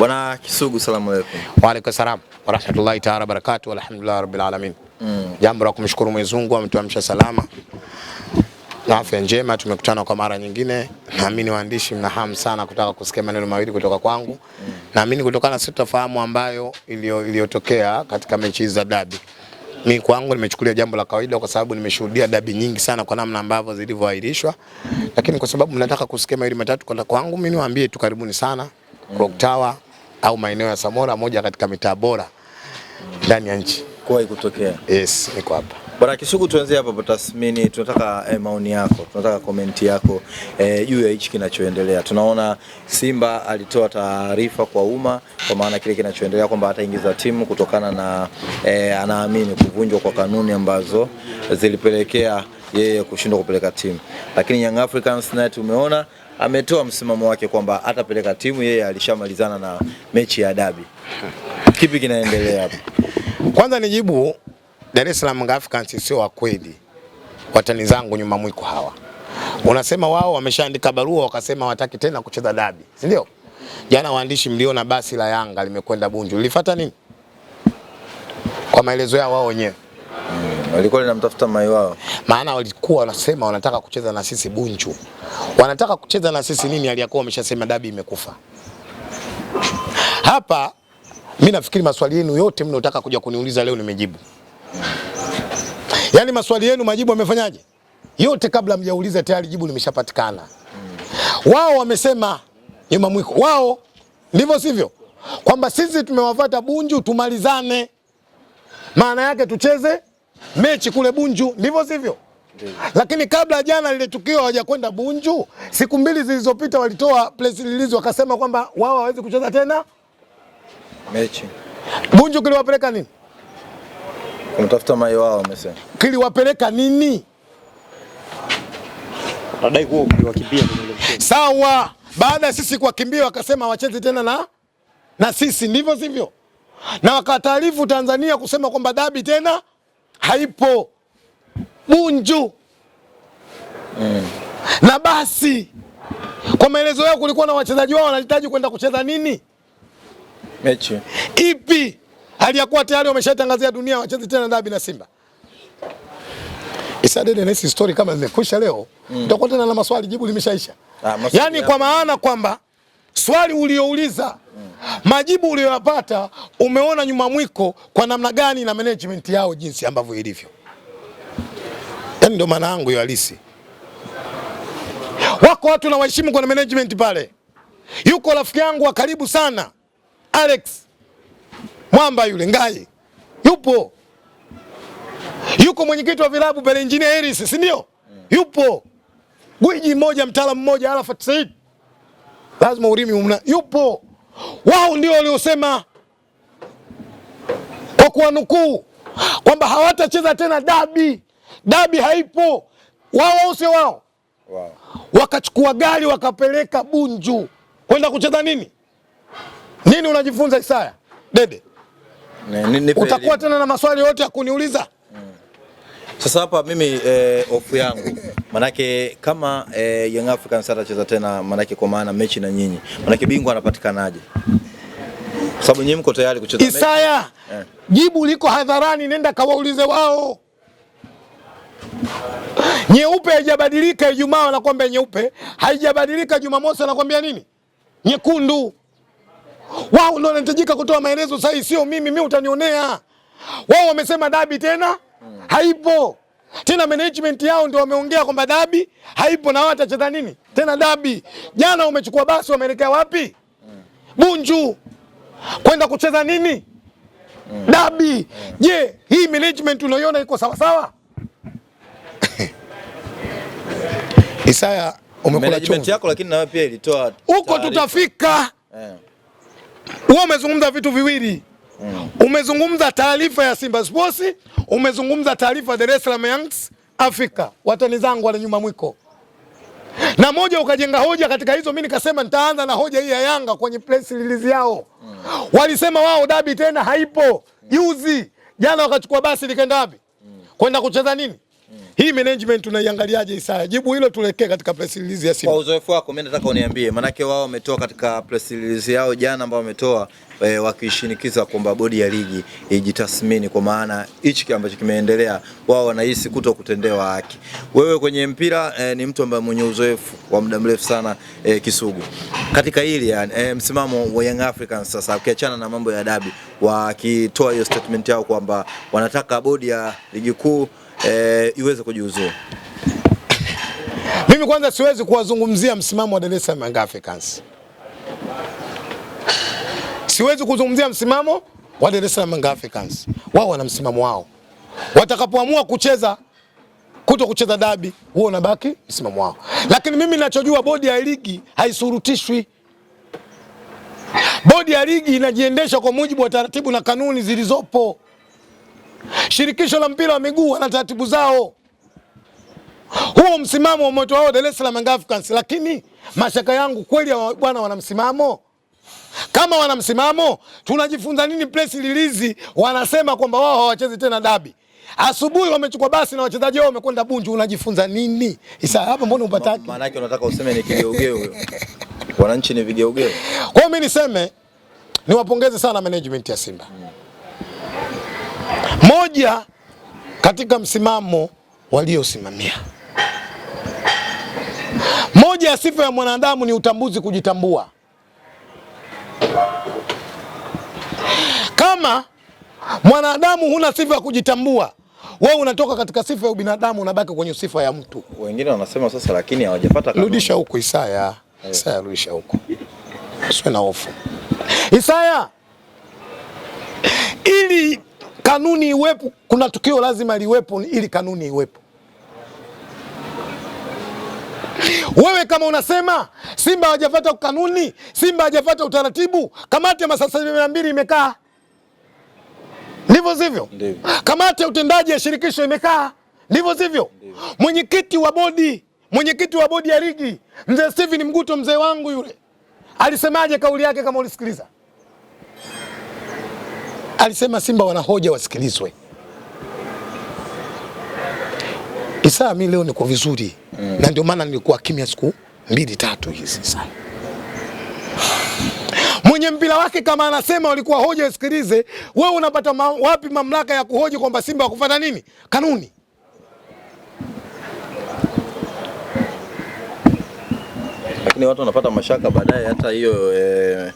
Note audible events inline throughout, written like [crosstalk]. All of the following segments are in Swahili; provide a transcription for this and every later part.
Bwana Kisugu, salamu alaykum. Wa alaykum salam wa rahmatullahi ta'ala barakatuh walhamdulillahi rabbil alamin. Mm. Jambo la kumshukuru Mwenyezi Mungu ametuamsha salama na afya njema, tumekutana kwa mara nyingine. Naamini waandishi mna hamu sana kutaka kusikia maneno mawili kutoka kwangu. Mm. Naamini kutokana na sitofahamu ambayo iliyotokea katika mechi za dabi, mi kwangu nimechukulia jambo la kawaida, kwa sababu nimeshuhudia dabi nyingi sana kwa namna ambavyo zilivyoahirishwa, lakini kwa sababu mnataka kusikia mawili matatu, kwa kwangu mimi niwaambie tu karibuni sana Mm. Clock Tower au maeneo ya Samora, moja katika mitaa bora ndani ya nchi. Kwa ikutokea. Yes, niko hapa. Bwana Kisugu, tuanze hapa kwa tathmini. Tunataka eh, maoni yako, tunataka komenti yako eh, juu eh, ya hichi kinachoendelea. Tunaona Simba alitoa taarifa kwa umma kwa maana kile kinachoendelea kwamba ataingiza timu kutokana na eh, anaamini kuvunjwa kwa kanuni ambazo zilipelekea yeye kushindwa kupeleka timu, lakini Young Africans naye tumeona ametoa msimamo wake kwamba atapeleka timu, yeye alishamalizana na mechi ya dabi. Kipi kinaendelea hapa? Kwanza nijibu Dar es Salaam Africans sio wa kweli, watani zangu nyuma mwiko hawa. Unasema wao wameshaandika barua wakasema wataki tena kucheza dabi, si ndio? Jana waandishi mliona basi la Yanga limekwenda Bunju, lilifuata nini? Kwa maelezo yao wao wenyewe hmm, walikuwa linamtafuta mai wao, maana walikuwa wanasema wanataka kucheza na sisi Bunju wanataka kucheza na sisi nini, aliyakuwa wameshasema dabi imekufa hapa. Mimi nafikiri maswali yenu yote mnaotaka kuja kuniuliza leo nimejibu. Yaani maswali yenu majibu amefanyaje yote, kabla mjauliza tayari jibu limeshapatikana. Wao wamesema nyuma mwiko wao, ndivyo sivyo? Kwamba sisi tumewavata Bunju tumalizane, maana yake tucheze mechi kule Bunju, ndivyo sivyo? Lakini kabla jana lile tukio hawajakwenda Bunju, siku mbili zilizopita walitoa press release wakasema kwamba wao hawawezi kucheza tena mechi. Bunju kiliwapeleka nini? Kumtafuta mai wao wamesema. Kiliwapeleka nini? Wanadai kuwa kuwakimbia kwenye ile. Sawa, baada ya sisi kuwakimbia wakasema wacheze tena na na sisi ndivyo sivyo, na wakataarifu Tanzania kusema kwamba dabi tena haipo mjuu mm. na basi kwa maelezo yao kulikuwa na wachezaji wao wanahitaji kwenda kucheza nini mechi ipi, hali ya kuwa tayari wameshatangazia dunia wacheze tena dabi na Simba. Isadednesi story kama zimekwisha leo mm. utakuwa tena na maswali, jibu limeshaisha. Ah, yaani Kwa maana kwamba swali uliouliza mm. majibu uliyoyapata, umeona nyuma mwiko kwa namna gani na management yao jinsi ambavyo ilivyo. Yaani ndio maana yangu hiyo halisi. Wako watu na waheshimu kwenye management pale. Yuko rafiki yangu wa karibu sana Alex Mwamba yule ngai yupo, yuko mwenyekiti wa vilabu pale Engineer Harris, si ndio? Yupo gwiji mmoja, mtaalamu mmoja, Arafat Said, lazima urimi umna, yupo. Wao ndio waliosema kwa kuwanukuu kwamba hawatacheza tena dabi dabi haipo, wao wause wao wow. Wakachukua gari wakapeleka Bunju kwenda kucheza nini nini. Unajifunza Isaya Dede, utakuwa tena na maswali yote ya kuniuliza hmm. Sasa hapa mimi eh, ofu yangu [laughs] manake kama eh, Young Africans atacheza tena manake, kwa maana mechi na nyinyi, manake bingwa anapatikanaje? sababu nyinyi mko tayari kucheza Isaya eh. jibu liko hadharani, nenda kawaulize wao. Nyeupe haijabadilika Ijumaa wanakwambia nyeupe, haijabadilika Jumamosi wanakwambia nini? Nyekundu. Wao ndio wanahitajika kutoa maelezo sahihi, sio mimi. Mimi utanionea. Wao wamesema dabi tena haipo tena, management yao ndio wameongea kwamba dabi haipo, na wao watacheza nini tena dabi? Jana umechukua basi, wameelekea wapi? Bunju kwenda kucheza nini dabi? Je, hii management unaiona iko sawasawa? Isaya, umekula management yako, lakini nawe pia ilitoa huko, tutafika yeah. Wewe umezungumza vitu viwili mm. Umezungumza taarifa ya Simba Sports, umezungumza taarifa Dar es Salaam Youngs Africa, watani zangu wale nyuma mwiko na moja ukajenga hoja katika hizo. Mimi nikasema nitaanza na hoja hii ya Yanga kwenye press release yao mm. Walisema wao dabi tena haipo mm. juzi mm. Jana wakachukua basi likaenda wapi mm. kwenda kucheza nini hii management tunaiangaliaje Isaya? Jibu hilo tulekee katika press release ya Simba. Kwa uzoefu wako mimi nataka uniambie, manake wao wametoa katika press release yao jana ambao wametoa e, wakishinikiza kwamba bodi ya ligi ijitathmini kwa maana hichi ambacho kimeendelea wao wanahisi kuto kutendewa haki. Wewe kwenye mpira e, ni mtu ambaye mwenye uzoefu wa muda mrefu sana e, Kisugu. Katika hili yani, e, msimamo wa Young Africans sasa ukiachana na mambo ya dabi wakitoa hiyo statement yao kwamba wanataka bodi ya ligi kuu Eh, iweze kujiuzuru? Mimi kwanza siwezi kuwazungumzia msimamo wa Dar es Salaam Young Africans, siwezi kuzungumzia msimamo wa Dar es Salaam Young Africans. Wao wana msimamo wao, watakapoamua kucheza kuto kucheza dabi, huo unabaki msimamo wao, lakini mimi ninachojua bodi ya ligi haisurutishwi. Bodi ya ligi inajiendesha kwa mujibu wa taratibu na kanuni zilizopo. Shirikisho la mpira wa miguu wana taratibu zao. Huo msimamo wa moto wao Dar es Salaam Africans, lakini mashaka yangu kweli ya bwana wana msimamo? Kama wana msimamo, tunajifunza nini? Press release wanasema kwamba wao hawachezi tena dabi. Asubuhi wamechukua basi na wachezaji wao wamekwenda Bunju, unajifunza nini? Isa hapa mbona upataki? Maana yake unataka useme ni kigeugeu huyo. Wananchi ni vigeugeu. Kwa hiyo mimi niseme niwapongeze sana management ya Simba. mm. Moja katika msimamo waliosimamia, moja ya sifa ya mwanadamu ni utambuzi, kujitambua. Kama mwanadamu huna sifa ya kujitambua wewe unatoka katika sifa ya ubinadamu unabaki kwenye sifa ya mtu. Wengine wanasema sasa, lakini hawajapata. Rudisha huko Isaya, eh. Isaya, rudisha huko, usiwe na hofu Isaya ili kanuni iwepo, kuna tukio lazima liwepo ili kanuni iwepo. Wewe kama unasema Simba hawajafata kanuni, Simba hawajafata utaratibu, kamati ya masaa sabini na mbili imekaa, ndivyo sivyo? Kamati ya utendaji ya shirikisho imekaa, ndivyo sivyo? Mwenyekiti wa bodi, mwenyekiti wa bodi ya ligi mzee Steven Mguto, mzee wangu yule, alisemaje? Kauli yake kama ulisikiliza alisema Simba wanahoja wasikilizwe. Isaa, mi leo niko vizuri mm. na ndio maana nilikuwa kimya siku mbili tatu hizi sasa. Mwenye mpira wake kama anasema walikuwa hoja wasikilize, wewe unapata ma wapi mamlaka ya kuhoji kwamba Simba wakufata nini kanuni? Lakini watu wanapata mashaka baadaye, hata hiyo e,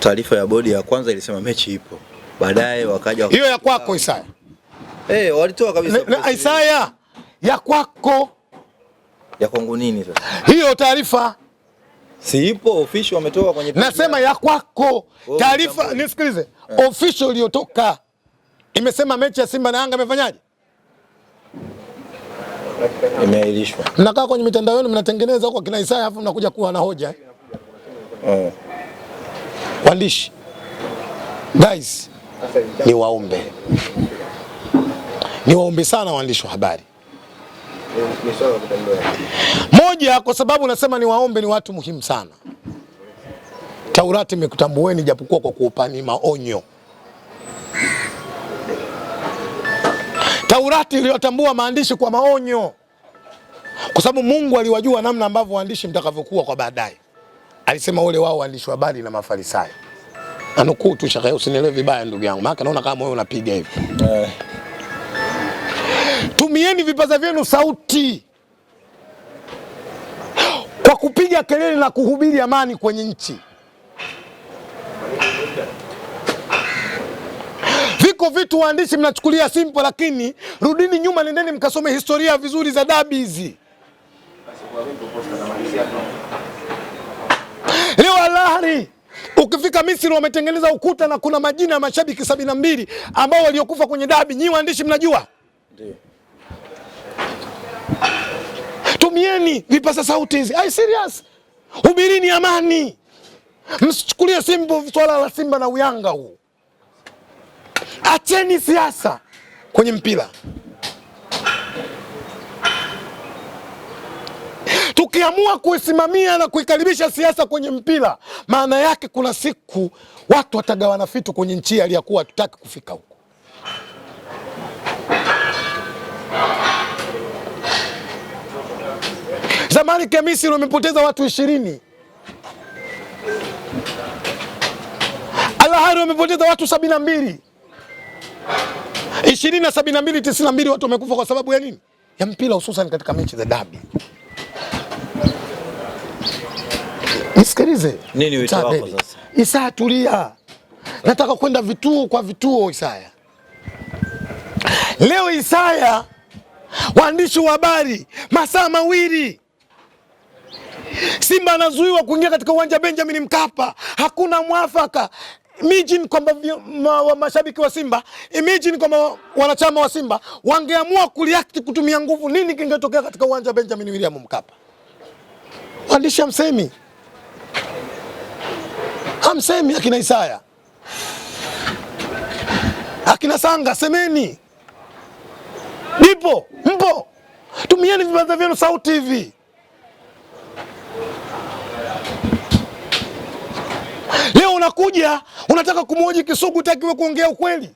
taarifa ya bodi ya kwanza ilisema mechi ipo Baadaye wakaja hiyo ya kwako Isaya. Eh, hey, walitoa kabisa. Na Isaya ya kwako. Ya kwangu nini sasa? Hiyo taarifa siipo official wametoka kwenye Nasema ya kwako. Oh, taarifa nisikilize. Yeah. Eh. Official iliyotoka imesema mechi ya Simba na Yanga imefanyaje? Imeahirishwa. Mnakaa kwenye mitandao yenu mnatengeneza huko kina Isaya afu mnakuja kuwa na hoja. Eh. Yeah. Waandishi. Guys, Nice ni waombe, ni waombe sana waandishi wa habari. Moja, kwa sababu nasema ni waombe, ni watu muhimu sana. Taurati imekutambueni japokuwa kwa kuupani maonyo. Taurati iliyotambua maandishi kwa maonyo, kwa sababu Mungu aliwajua namna ambavyo waandishi mtakavyokuwa kwa baadaye. Alisema ole wao waandishi wa habari na Mafarisayo. Anukuu tu shaka, usinielewe vibaya ndugu yangu, maana naona kama wewe unapiga hivi. Eh. Tumieni vipaza vyenu sauti kwa kupiga kelele na kuhubiri amani kwenye nchi. Viko vitu waandishi mnachukulia simple, lakini rudini nyuma, nendeni mkasome historia vizuri za dabi hizi. Ukifika Misri wametengeneza ukuta na kuna majina ya mashabiki sabini na mbili ambao waliokufa kwenye dabi. Nyi waandishi mnajua, tumieni vipasa sauti hizi. Ai, serious, hubirini amani, msichukulie simbo swala la Simba na Uyanga huu. Acheni siasa kwenye mpira. Tukiamua kuisimamia na kuikaribisha siasa kwenye mpira, maana yake kuna siku watu watagawana vitu kwenye nchi aliyakuwa hatutaki kufika huko. Zamani Kemisi wamepoteza watu ishirini, Alahari wamepoteza watu sabini na mbili ishirini na sabini na mbili tisini na mbili watu wamekufa kwa sababu ya nini? Ya mpira, hususan katika mechi za dabi. Sikilize. Nini wito wako sasa? Isaya, tulia. Nataka kwenda vituo kwa vituo Isaya. Leo Isaya, waandishi wa habari, masaa mawili Simba anazuiwa kuingia katika uwanja Benjamin Mkapa, hakuna mwafaka. Imagine kwamba mashabiki wa Simba, imagine kwamba wanachama wa Simba wangeamua kuriact kutumia nguvu, nini kingetokea katika uwanja wa Benjamin William Mkapa? Waandishi hamsemi hamsemi akina Isaya, akina Sanga, semeni dipo, mpo, tumieni vibanza vyenu sauti hivi. Leo unakuja unataka kumhoji Kisugu, takiwe kuongea ukweli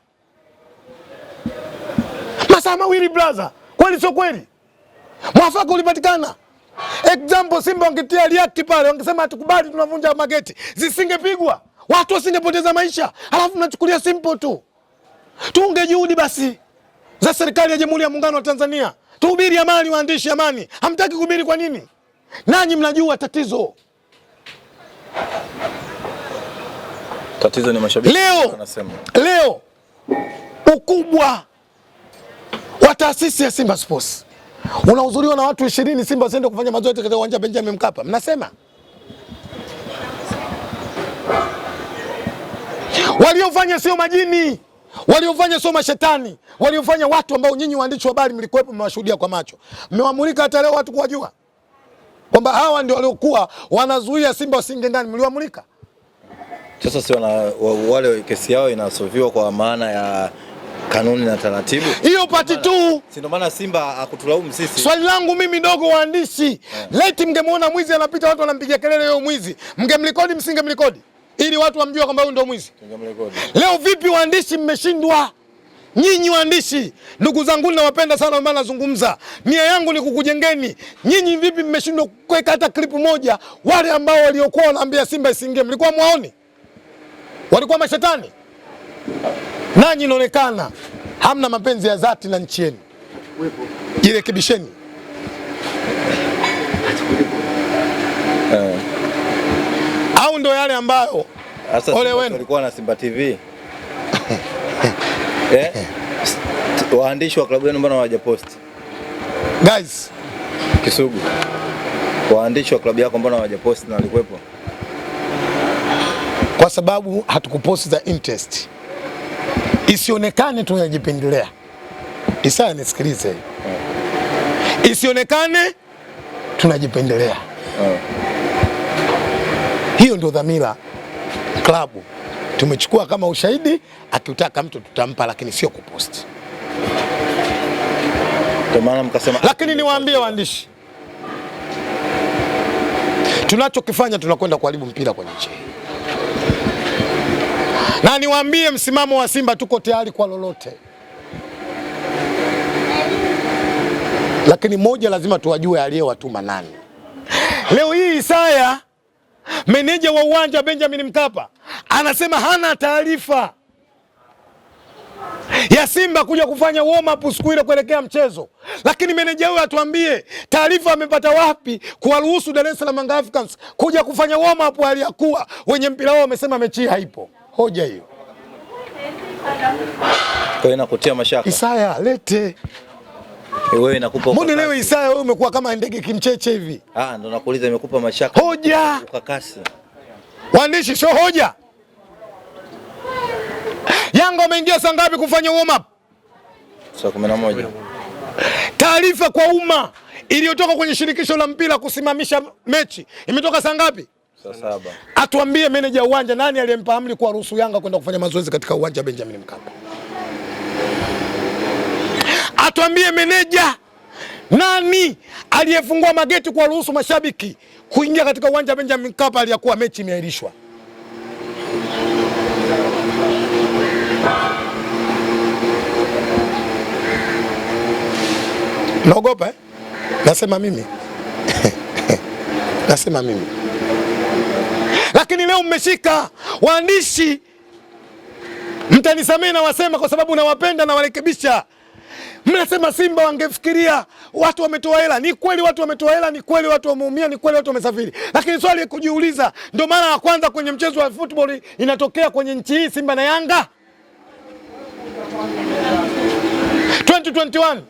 masaa mawili, brother, kweli sio kweli? Mwafaka ulipatikana Example Simba wangetia liati pale, wangesema hatukubali, tunavunja mageti, zisingepigwa watu wasingepoteza maisha. Halafu mnachukulia simple tu, tunge juhudi basi za serikali ya Jamhuri ya Muungano wa Tanzania, tuhubiri amani, waandishi amani. Hamtaki kuhubiri kwa nini? Nanyi mnajua tatizo. Tatizo ni mashabiki. Leo, leo ukubwa wa taasisi ya Simba Sports unahudhuriwa na watu 20, Simba wasiende kufanya mazoezi katika uwanja Benjamin Mkapa, mnasema waliofanya sio majini, waliofanya sio mashetani, waliofanya watu ambao nyinyi waandishi wa habari mlikuwepo, mmewashuhudia kwa macho, mmewamulika hata leo watu kuwajua kwamba hawa ndio waliokuwa wanazuia Simba wasinge ndani, mliwamulika. Sasa si wale kesi yao inasoviwa kwa maana ya kanuni na taratibu. Hiyo pati tu. Si ndio maana Simba akutulaumu sisi. Swali langu mimi dogo, waandishi yeah. Leti mngemwona mwizi anapita watu wanampigia kelele yeye mwizi, mngemlikodi msingemlikodi ili watu wamjue kwamba huyu ndio mwizi? Leo vipi waandishi mmeshindwa? Nyinyi waandishi, ndugu zangu, nawapenda sana, maana nazungumza, nia yangu ni kukujengeni nyinyi. Vipi mmeshindwa kuweka hata klipu moja? Wale ambao waliokuwa wanaambia Simba isiingie, mlikuwa mwaoni? Walikuwa mashetani? nanyi inaonekana hamna mapenzi ya dhati na nchi yenu, jirekebisheni. Uh, au ndo yale ambayo ole wenu walikuwa na Simba TV [laughs] eh? Waandishi wa klabu yenu mbona hawajaposti guys? Kisugu, waandishi wa klabu yako mbona hawajaposti na walikuwepo? Kwa sababu hatukuposti za interest isionekane tunajipendelea. Isaya, nisikilize, isionekane tunajipendelea. Hiyo ndio dhamira klabu tumechukua kama ushahidi. Akiutaka mtu tutampa, lakini sio kuposti. Lakini niwaambie waandishi, tunachokifanya tunakwenda kuharibu mpira kwenye nchi hii na niwaambie msimamo wa Simba, tuko tayari kwa lolote, lakini moja lazima tuwajue aliyewatuma nani. Leo hii Isaya, meneja wa uwanja Benjamin Mkapa, anasema hana taarifa ya Simba kuja kufanya warm up siku ile kuelekea mchezo, lakini meneja huyo atuambie taarifa amepata wapi kuwaruhusu Dar es Salaam Africans kuja kufanya warm up, hali wenye mpira wao wamesema mechi haipo hoja hiyo. Kwa hiyo nakutia mashaka. Isaya lete eh, wewe nakupa mbona leo Isaya wewe umekuwa kama ndege kimcheche hivi? Ah, ndo nakuuliza imekupa mashaka. Hoja. Ukakasi. Waandishi sio hoja. Yanga ameingia saa ngapi kufanya warm up? Saa 11. Taarifa kwa umma iliyotoka kwenye shirikisho la mpira kusimamisha mechi imetoka saa ngapi? atuambie meneja uwanja, nani aliyempa amri kwa ruhusu Yanga kwenda kufanya mazoezi katika uwanja wa Benjamin Mkapa? Atuambie meneja, nani aliyefungua mageti kwa ruhusu mashabiki kuingia katika uwanja wa Benjamin Mkapa aliyakuwa mechi imeahirishwa? Naogopa eh? Nasema mimi [laughs] nasema mimi leo mmeshika waandishi, mtanisamee nawasema kwa sababu nawapenda, nawarekebisha. Mnasema Simba wangefikiria watu wametoa hela. Ni kweli watu wametoa hela, ni kweli watu wameumia, ni kweli watu wamesafiri, lakini swali kujiuliza, ndio mara ya kwanza kwenye mchezo wa football inatokea kwenye nchi hii Simba na Yanga 2021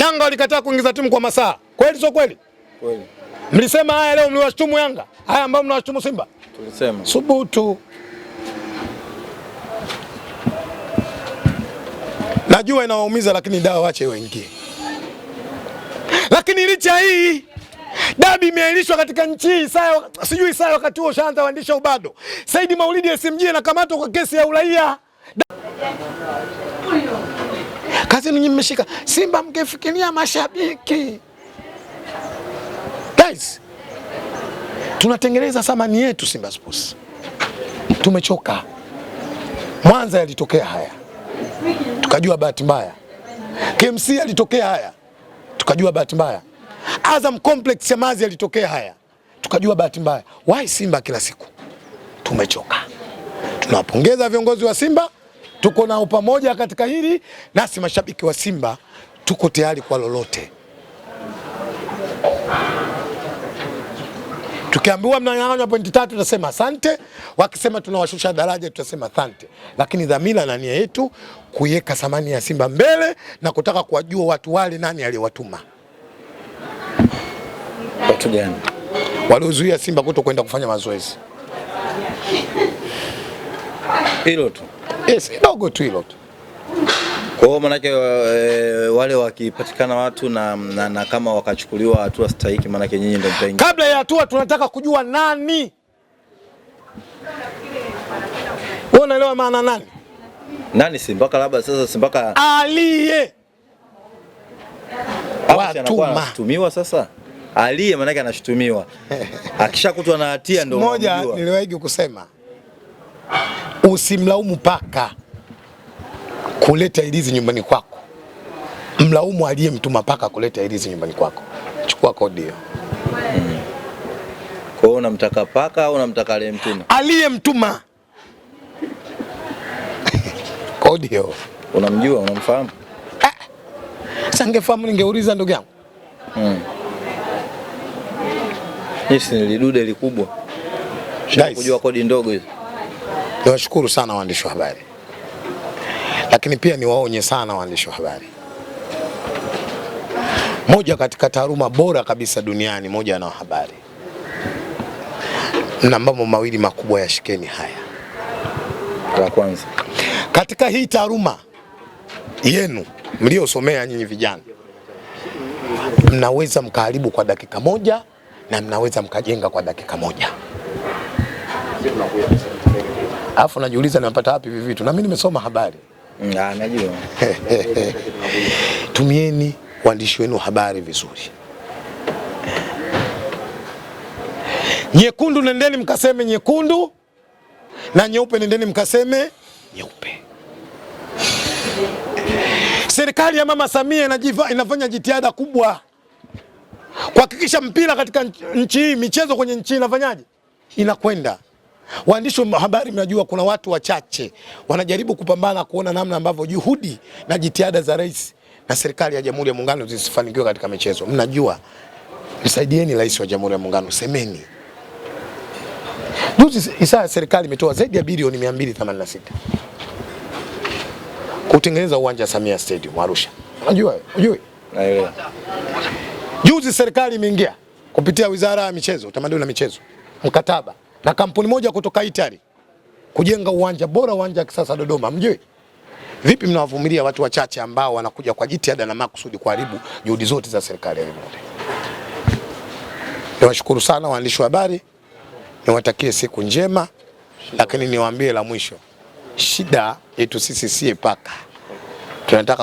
Yanga walikataa kuingiza timu kwa masaa, kweli sio kweli? Kweli. Mlisema haya leo, mliwashtumu Yanga haya ambayo mnawashtumu Simba. Tulisema subutu. Najua inawaumiza lakini dawa wache wengie. Lakini licha hii dabi imeahirishwa katika nchi hii, sijui saa wakati huo shaanza waandishi ubado. Saidi Maulidi SMG anakamatwa kwa kesi ya uraia. Kazi ninyi mmeshika Simba, mngefikiria mashabiki Guys, tunatengeneza thamani yetu Simba Sports. Tumechoka. Mwanza yalitokea haya, tukajua bahati mbaya. KMC yalitokea haya, tukajua bahati mbaya. Azam Complex mazi yalitokea haya, tukajua bahati mbaya. Why Simba kila siku? Tumechoka. Tunawapongeza viongozi wa Simba, tuko nao pamoja katika hili, nasi mashabiki wa Simba tuko tayari kwa lolote. Tukiambiwa mnanyang'anywa pointi tatu tutasema asante, wakisema tunawashusha daraja tutasema asante, lakini dhamira na nia yetu kuiweka thamani ya Simba mbele na kutaka kuwajua watu wale nani aliyowatuma, watu gani waliozuia Simba kuto kwenda kufanya mazoezi. Hilo tu, yes, eh, kidogo tu hilo tu. Kwa hiyo manake e, wale wakipatikana watu na, na, na kama wakachukuliwa hatua stahiki, manake nyinyi ndio mtaingia. Kabla ya hatua tunataka kujua nani, wewe unaelewa maana nani nani, si mpaka labda sasa, si mpaka aliye anatumiwa sasa aliye manake anashutumiwa [laughs] akishakutwa na hatia ndio. Moja niliwahi kusema usimlaumu paka kuleta ilizi nyumbani kwako, mlaumu aliyemtuma paka kuleta ilizi nyumbani kwako. Chukua kodi hiyo. Kwa hiyo unamtaka paka au unamtaka aliyemtuma? Aliyemtuma. Kodi hiyo. Unamjua, unamfahamu? sangefamu eh. Sasa ningefahamu ningeuliza ndugu yangu. Mm. Yes, ni lidude likubwa. Nice. Kujua kodi ndogo hizo. Niwashukuru sana waandishi wa habari. Lakini pia niwaonye sana waandishi wa habari, moja katika taaluma bora kabisa duniani moja na habari, na mambo mawili makubwa ya shikeni haya. La kwanza katika hii taaluma yenu mliosomea nyinyi vijana, mnaweza mkaharibu kwa dakika moja na mnaweza mkajenga kwa dakika moja. Alafu najiuliza nimepata wapi hivi vitu? Na mimi nimesoma habari. Mm, ah, najua. [laughs] Tumieni waandishi wenu habari vizuri. Nyekundu nendeni mkaseme nyekundu, na nyeupe nendeni mkaseme nyeupe. Serikali ya Mama Samia inajiva, inafanya jitihada kubwa kuhakikisha mpira katika nchi hii, michezo kwenye nchi inafanyaje, inakwenda Waandishi wa habari mnajua, kuna watu wachache wanajaribu kupambana kuona namna ambavyo juhudi na jitihada za rais na serikali ya Jamhuri ya Muungano zisifanikiwe katika michezo. Mnajua, msaidieni rais wa Jamhuri ya Muungano, semeni. Juzi Isaya, serikali imetoa zaidi ya bilioni 286 kutengeneza uwanja Samia Stadium Arusha. Unajua? Unajui? Naelewa. Juzi serikali imeingia kupitia Wizara ya Michezo, Utamaduni na Michezo mkataba na kampuni moja kutoka Itali kujenga uwanja bora, uwanja wa kisasa Dodoma mjui. Vipi mnawavumilia watu wachache ambao wanakuja kwa jitihada na makusudi kuharibu juhudi zote za serikali ya Jamhuri? Niwashukuru sana waandishi wa habari, niwatakie siku njema, lakini niwaambie la mwisho, shida yetu sisi siye paka tunataka